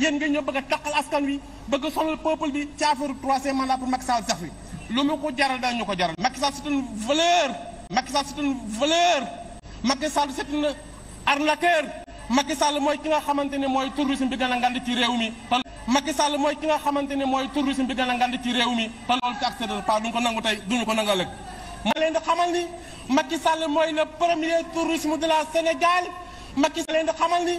yéen nga ñëw bëgg a taqal askan wi bëgg a peuple bi ci affaire troisième mandat pour Macky sax wi lu mu ko jaral dañu ko jaral. Macky Sall c'est une voleur. Macky Sall c'est une voleur. Macky Sall mooy ki nga xamante ne mooy tourisme bi gën a ngand ci réew mi. Macky Sall mooy ki nga xamante ne mooy tourisme bi gën a ngand ci réew mi te loolu ci accès de pas duñ ko nangu tey duñu ko nangu ëllëg. ma leen di xamal ni Macky Sall mooy le premier tourisme de la Sénégal Macky Sall leen di xamal ni.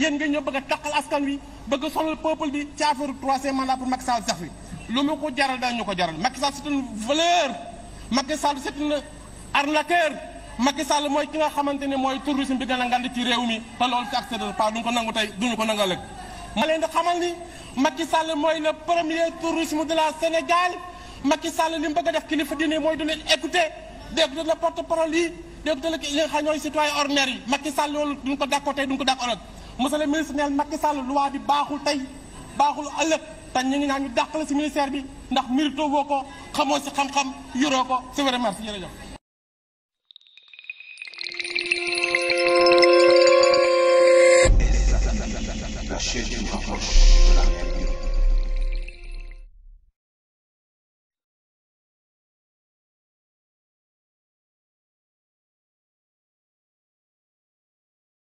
yeen nga ñoo bëgg takal askan wi bëgg solo peuple bi ci affaire troisième mandat pour Macky Sall sax lu mu ko jaral dañu ko jaral Macky Sall c'est une voleur Macky Sall c'est une arnaqueur Macky Sall moy ki nga xamantene ne tourisme bi gëna ngand ci réew mi ta lool ci accéder pas duñ ko nangu tay duñu ko nangal ak ma leen di xamal ni Macky Sall moy le premier tourisme de la Sénégal Macky Sall li mu bëgg def kilifa dine moy du leen écouter dégg la porte parole yi dégg la li citoyen ordinaire yi Macky Sall lool duñ ko d'accord tey duñ ko d'accord monsieur le ministre neel Macky Sall loi bi baaxul tey baaxul ëllëg te ñu ngi naan ñu dàq la si ministère bi ndax mérito woo ko xamoo si xam-xam yoroo ko si vraiment merci jërëjëf La chaîne du rapproche de la réalité.